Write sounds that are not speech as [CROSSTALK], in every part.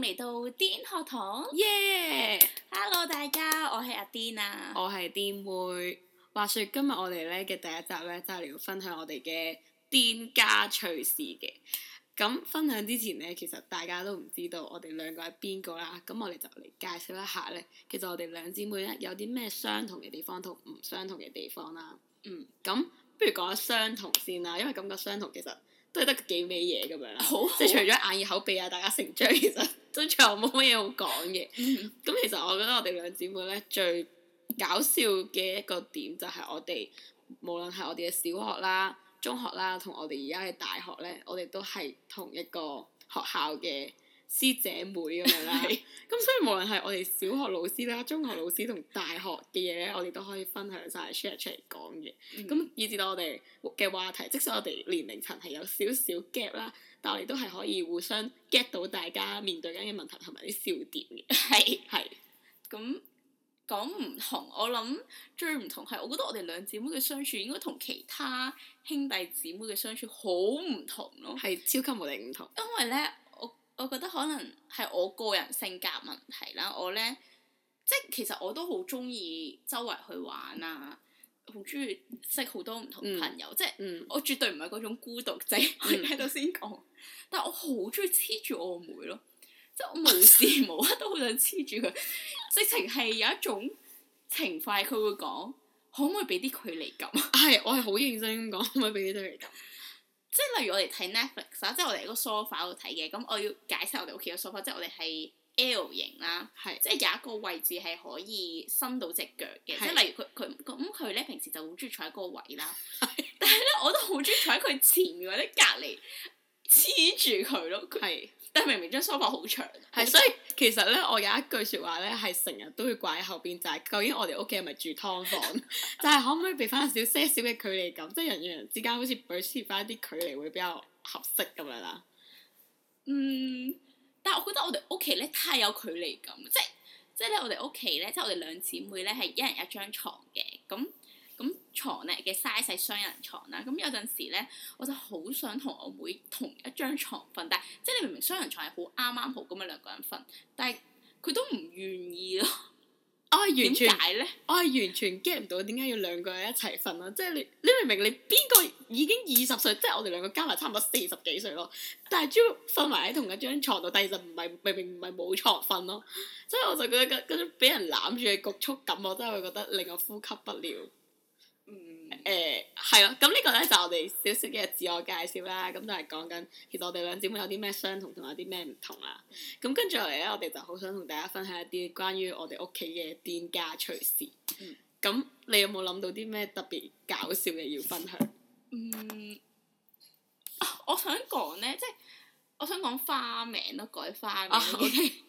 嚟到癲學堂，耶 Yeah!！Hello 大家，我係阿癲啊，我係癲妹。話說今日我哋咧嘅第一集咧，就係嚟要分享我哋嘅癲家趣事嘅。咁分享之前咧，其實大家都唔知道我哋兩個係邊個啦。咁我哋就嚟介紹一下咧，其實我哋兩姊妹咧有啲咩相同嘅地方同唔相同嘅地方啦。嗯，咁不如講下相同先啦，因為感覺相同其實。都係得幾味嘢咁樣，好，即係除咗眼耳口鼻啊， [LAUGHS] 大家成長，其實都最後冇乜嘢好講嘅。咁 [LAUGHS] 其實我覺得我哋兩姊妹咧最搞笑嘅一個點就係我哋無論係我哋嘅小學啦、中學啦，同我哋而家嘅大學咧，我哋都係同一個學校嘅。師姐妹咁樣啦，咁 [LAUGHS] 是、嗯、所以無論係我哋小學老師啦、中學老師同大學嘅嘢咧，我哋都可以分享晒，share 出嚟講嘅。咁、嗯、以至到我哋嘅話題，即使我哋年齡層係有少少 gap 啦，但我哋都係可以互相 get 到大家面對緊嘅問題同埋啲笑點嘅。係係。咁講唔同，我諗最唔同係，我覺得我哋兩姊妹嘅相處應該同其他兄弟姊妹嘅相處好唔同咯。係超級無敵唔同。因為咧。我覺得可能係我個人性格問題啦，我咧即係其實我都好中意周圍去玩啊，好中意識好多唔同朋友，即係我絕對唔係嗰種孤獨仔。嗯、我喺度先講，但我好中意黐住我妹咯，即係我無時無刻都好想黐住佢， [LAUGHS] 直情係有一種情快，佢會講可唔可以俾啲距離感？係、哎，我係好認真咁講，可唔可以俾啲距離感？即係例如我哋睇 Netflix 即係我哋喺個 sofa 度睇嘅，咁我要解釋我哋屋企嘅 sofa，即係我哋係 L 型啦，係是，即係有一個位置係可以伸到隻腳嘅，是即係例如佢佢咁佢咧平時就好中意坐喺嗰個位啦，是但係咧我都好中意坐喺佢前面或者隔離黐住佢咯，佢係。但係明明張梳化好長，係。所以其實咧，我有一句説話咧，係成日都會掛喺後邊，就係、是、究竟我哋屋企係咪住劏房？ [LAUGHS] [LAUGHS] 就係可唔可以避翻少些少嘅距離感，即、就、係、是、人與人之間好似保持翻啲距離會比較合適咁樣啦。嗯，但係我覺得我哋屋企咧太有距離感，即係即係咧我哋屋企咧，即係我哋兩姊妹咧係一人一張床嘅咁。咁床咧嘅 size 係雙人床啦、啊，咁有陣時咧，我就好想同我妹，妹同一張床瞓，但係即係你明明雙人床係好啱啱好咁啊，兩個人瞓，但係佢都唔願意咯。我係、哦、完全點解咧？我係、哦、完全 get 唔到點解要兩個人一齊瞓咯？即係你你明明你邊個已經二十歲，即係我哋兩個加埋差唔多四十幾歲咯，但係仲瞓埋喺同一張床度，但係其實唔係明明唔係冇床瞓咯、啊，所以我就覺得嗰種俾人攬住嘅局促感，我真係會覺得令我呼吸不了。誒係、欸、啊，咁呢個咧就我哋少少嘅自我介紹啦，咁都係講緊其實我哋兩姊妹有啲咩相同同有啲咩唔同啊。咁、嗯、跟住落嚟咧，我哋就好想同大家分享一啲關於我哋屋企嘅店家趣事。咁、嗯、你有冇諗到啲咩特別搞笑嘅要分享？嗯、啊，我想講咧，即係我想講花名咯，改花名。OK。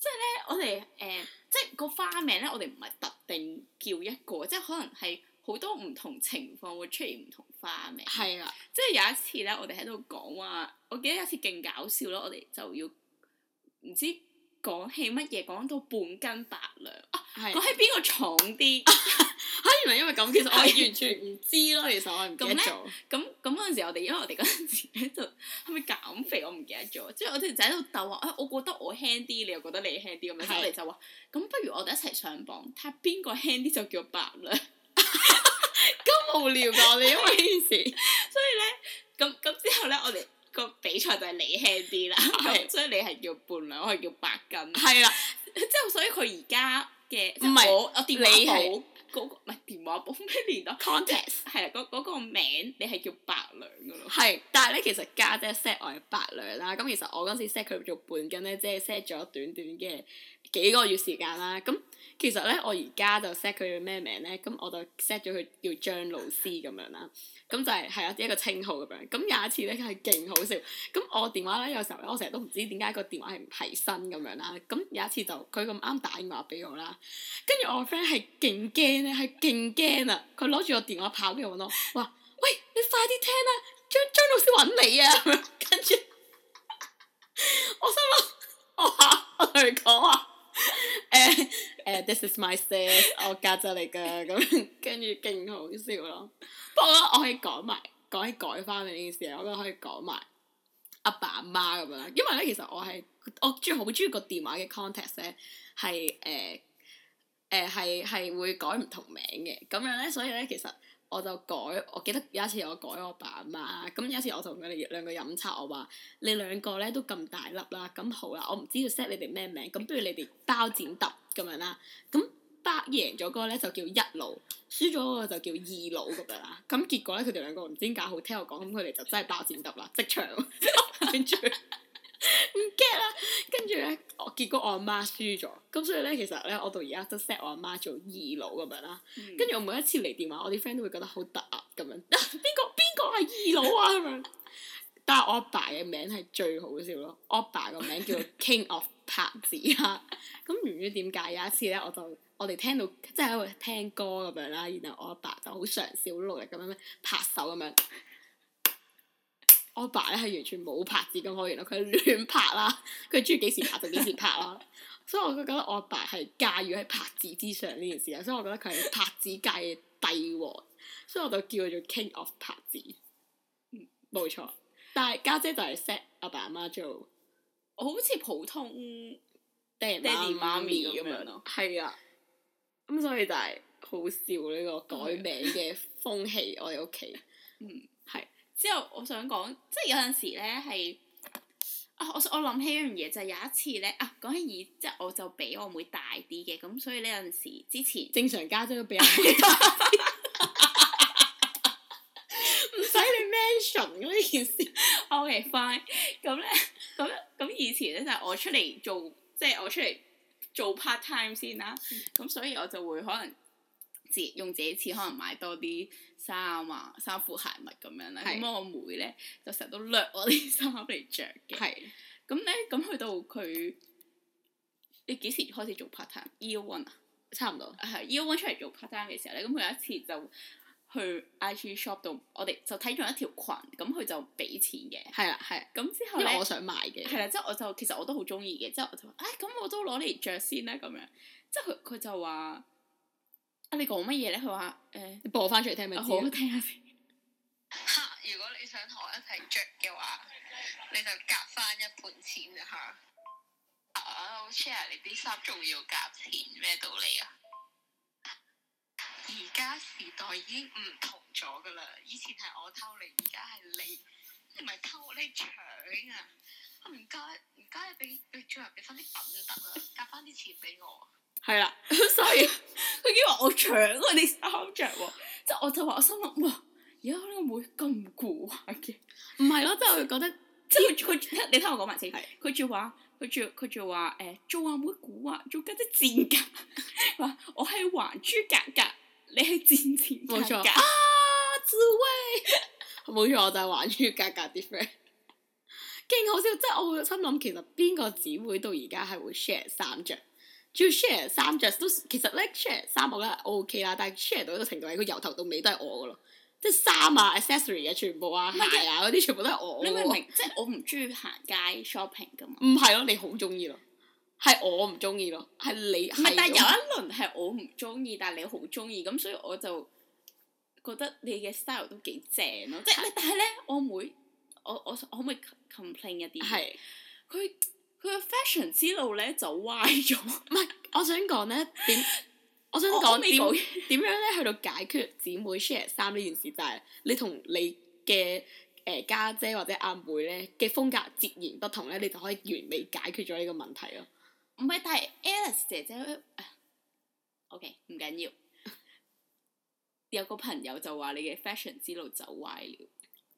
即係咧，我哋誒、呃，即係個花名咧，我哋唔係特。叫一個，即係可能係好多唔同情況會出現唔同花名。係啊的，即係有一次咧，我哋喺度講話，我記得有一次勁搞笑咯，我哋就要唔知講起乜嘢，講到半斤八兩。係講起邊個重啲？嚇的、 [LAUGHS] 啊！原來因為咁，其實我係完全唔知咯。其實的我唔記得咗。咁咁嗰陣時我哋因為我哋陣時時喺度，係咪搞？記得咗，即係我哋就喺度鬥啊！啊，我覺得我輕啲，你又覺得你輕啲咁樣，的我哋就話咁，不如我哋一齊上磅睇下邊個輕啲就叫八兩。咁無 [LAUGHS] [LAUGHS] 聊噶，你因為呢件事， [LAUGHS] 所以咧，咁咁之後咧，我哋個比賽就係你輕啲啦， [LAUGHS] [LAUGHS] 所以你係叫半兩，我係叫八斤。係啦的，之後 [LAUGHS] [LAUGHS] 所以佢而家嘅唔係我電話好，嗰、那個唔係電話簿咩嚟咯？contest 係啊 Cont est,，嗰、那個名你係叫伴娘噶咯？係，但係咧，其實家姐 set 我係伴娘啦，咁、嗯、其實我嗰陣時 set 佢做伴娘咧，即係 set 咗短短嘅。幾個月時間啦，咁其實咧，我而家就 set 佢咩名咧，咁我就 set 咗佢叫張老師咁樣啦，咁就係係一一個稱號咁樣，咁有一次咧，佢係勁好笑，咁我電話咧有時候咧，我成日都唔知點解個電話係唔係新咁樣啦，咁有一次就佢咁啱打電話俾我啦，跟住我個 friend 係勁驚咧，係勁驚啦，佢攞住個電話跑入嚟揾我，話喂你快啲聽。This is my sis，我家姐嚟噶，咁跟住勁好笑咯。 [LAUGHS] 不過我可以講埋，講起改翻呢件事，我都可以講埋阿爸阿媽咁樣。因為咧，其實我係我中意好中意個電話嘅 contact 咧，係誒誒係係會改唔同名嘅。咁樣咧，所以咧，其實我就改。我記得有一次我改我爸阿媽，咁有一次我同佢哋兩個飲茶，我話你兩個咧都咁大粒啦，咁好啦，我唔知要 set 你哋咩名，咁不如你哋包剪揼。咁樣啦，咁白贏咗嗰個咧就叫一佬，輸咗嗰個就叫二佬咁樣啦。咁結果咧，佢哋兩個唔知點解好聽我講，咁佢哋就真係包剪揼啦，即場。跟住唔驚啦，跟住咧，我結果我阿媽，媽輸咗，咁所以咧，其實咧，我到而家都 set 我阿媽，媽做二佬咁樣啦。跟住、mm. 我每一次嚟電話，我啲 friend 都會覺得好突啊咁樣，邊個邊個係二佬啊咁樣。 [LAUGHS] 家我阿爸嘅名係最好笑咯！我阿爸個名叫做 King of 拍子啊！咁唔知點解有一次咧，我就我哋聽到即係喺度聽歌咁樣啦，然後我阿爸，爸就好常笑好努力咁樣拍手咁樣。 [LAUGHS] 我阿爸咧係完全冇拍子咁可言咯，佢亂拍啦，佢中意幾時拍就幾時拍啦。 [LAUGHS] 所以我覺得我阿爸係駕馭喺拍子之上呢件事啊，所以我覺得佢係拍子界嘅帝王， [LAUGHS] 所以我就叫佢做 King of 拍子。嗯，冇錯。 [LAUGHS] 但係家姐，姐就係 set 阿爸阿媽做，我好似普通爹爹哋媽媽咪咁樣咯。係啊樣，咁的所以就係好笑呢個改名嘅風氣我哋屋企。嗯，係的，之後我想講，即係有陣時咧係，啊我我諗起一樣嘢就係有一次咧啊講起而即係我就比我妹大啲嘅，咁所以呢陣時之前正常家姐都比阿。唔使 [LAUGHS] [LAUGHS] [LAUGHS] 你 mention 呢件事。O、okay, k fine。咁咧，咁咁以前咧就我出嚟做，即、就、係、是、我出嚟做 part time 先啦。咁 [NOISE] 所以我就會可能自用自己錢，可能買多啲衫啊、衫褲鞋襪咁樣啦。咁是我妹咧就成日都掠我啲衫嚟着嘅。係是。咁咧，咁去到佢，你幾時開始做 part time？Year one 啊，差唔多。係，Year one 出嚟做 part time 嘅時候咧，咁佢有一次就，去 IG shop 度，我哋就睇中一條裙，咁佢就俾錢嘅。係啦，係。咁之後咧，為我想買嘅。係啦，之後我就其實、哎、我都好中意嘅，之後我就話：，誒，咁我都攞嚟着先啦，咁樣。之後佢佢就話：，啊，你講乜嘢咧？佢話：，欸、你播翻出嚟聽咪好，啊。好，好，聽下先。嚇！如果你想同我一齊着嘅話，你就夾翻一半錢嚇。啊！我 share 你啲衫仲要夾錢，咩道理啊？而家時代已經唔同咗噶啦，以前係我偷你，而家係你，你唔係偷我，你搶啊！唔該，唔該你俾你最後俾翻啲品德啦，夾翻啲錢俾我。係啦，所以佢竟話我搶我哋衫着，即係我就話我心諗哇，而家呢個妹咁蠱惑嘅，唔係咯，即係覺得即係佢仲，你聽我講埋先，佢仲話佢仲佢仲話誒做阿妹蠱惑，做家姐，姐，姐賤格，話我係還珠格格。你係戰前格格錯啊，子薇！冇錯，我就係玩住格格啲 friend，勁好笑！即係我會心諗，其實邊個姊妹到而家係會 share 衫著，仲要 share 衫著都其實咧 share 衫我覺得 O K 啦，但係 share 到一個程度係佢由頭到尾都係我噶咯，即係衫啊， [LAUGHS] 啊 accessory 嘅、啊、全部啊鞋是啊嗰啲、啊、全部都係我。你明唔明？即係我唔中意行街 shopping 噶嘛？唔係咯，你好中意咯。係我唔中意咯，係你係是？但係有一輪係我唔中意，但係你好中意，咁所以我就覺得你嘅 style 都幾正咯。即係是、就是、但係咧，我妹，我我可唔可以 complain 一啲？係是，佢佢嘅 fashion 之路咧就歪咗。唔 [LAUGHS] 係，我想講咧點， [LAUGHS] 我想講點點樣咧 [LAUGHS] 去到解決姊妹 share 衫呢件事，就係 [LAUGHS] 你同你嘅誒家姐或者阿妹咧嘅風格截然不同咧，你就可以完美解決咗呢個問題咯。唔、okay，係，但係 Alice 姐姐，OK，唔緊要。有個朋友就話你嘅 fashion 之路走歪了。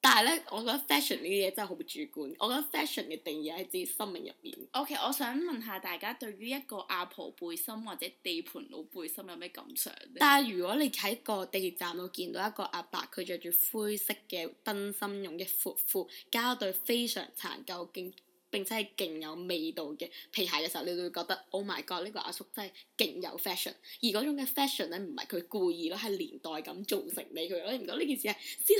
但係呢，我覺得 fashion 呢啲嘢真係好主觀。我覺得 fashion 嘅定義喺自己生命入面。OK，我想問下大家對於一個阿婆背心或者地盤佬背心有咩感想？但係如果你喺個地鐵站度見到一個阿伯，佢着住灰色嘅燈芯絨嘅闊褲，加對非常殘舊嘅。並且係勁有味道嘅皮鞋嘅時候，你會覺得 Oh my God！呢個阿叔真係勁有 fashion，而嗰種嘅 fashion 咧，唔係佢故意咯，係年代咁造成畀佢咯。你唔覺呢件事係先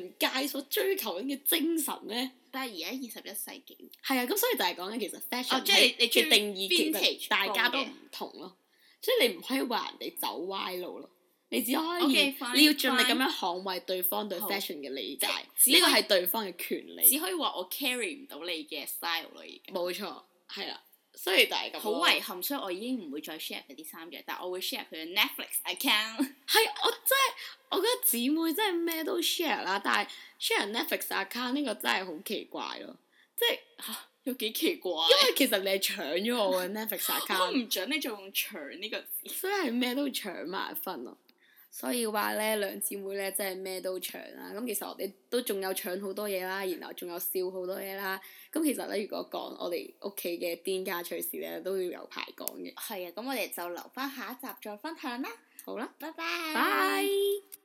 係 fashion 界所追求緊嘅精神咩？但係而家二十一世紀，係啊，咁所以就係講緊，其實 fashion、哦、即嘅定義其實大家都唔同咯，即係你唔可以話人哋走歪路咯。你只可以，okay, fine，你要盡力咁樣捍衞對方對 fashion 嘅理解，呢個係對方嘅權利。只可以話我 carry 唔到你嘅 style 嚟嘅。冇錯，係啦。雖然但係咁。好遺憾，所以我已經唔會再 share 嗰啲衫嘅，但我會 share 佢嘅 Netflix account。係， [LAUGHS] 我真係我覺得姊妹真係咩都 share 啦，但係 share Netflix account 呢個真係好奇怪咯，即係嚇有幾奇怪。 [LAUGHS] 因為其實你係搶咗我嘅 Netflix account。 [LAUGHS] 我唔準你仲用搶呢個字。所以係咩都搶埋分咯。所以話咧，兩姊妹咧真係咩都搶啊。咁、嗯、其實我哋都仲有搶好多嘢啦，然後仲有笑好多嘢啦，咁、嗯、其實咧，如果講我哋屋企嘅店家趣事咧，都要有排講嘅。係啊，咁我哋就留翻下一集再分享啦。好啦，拜拜 bye。bye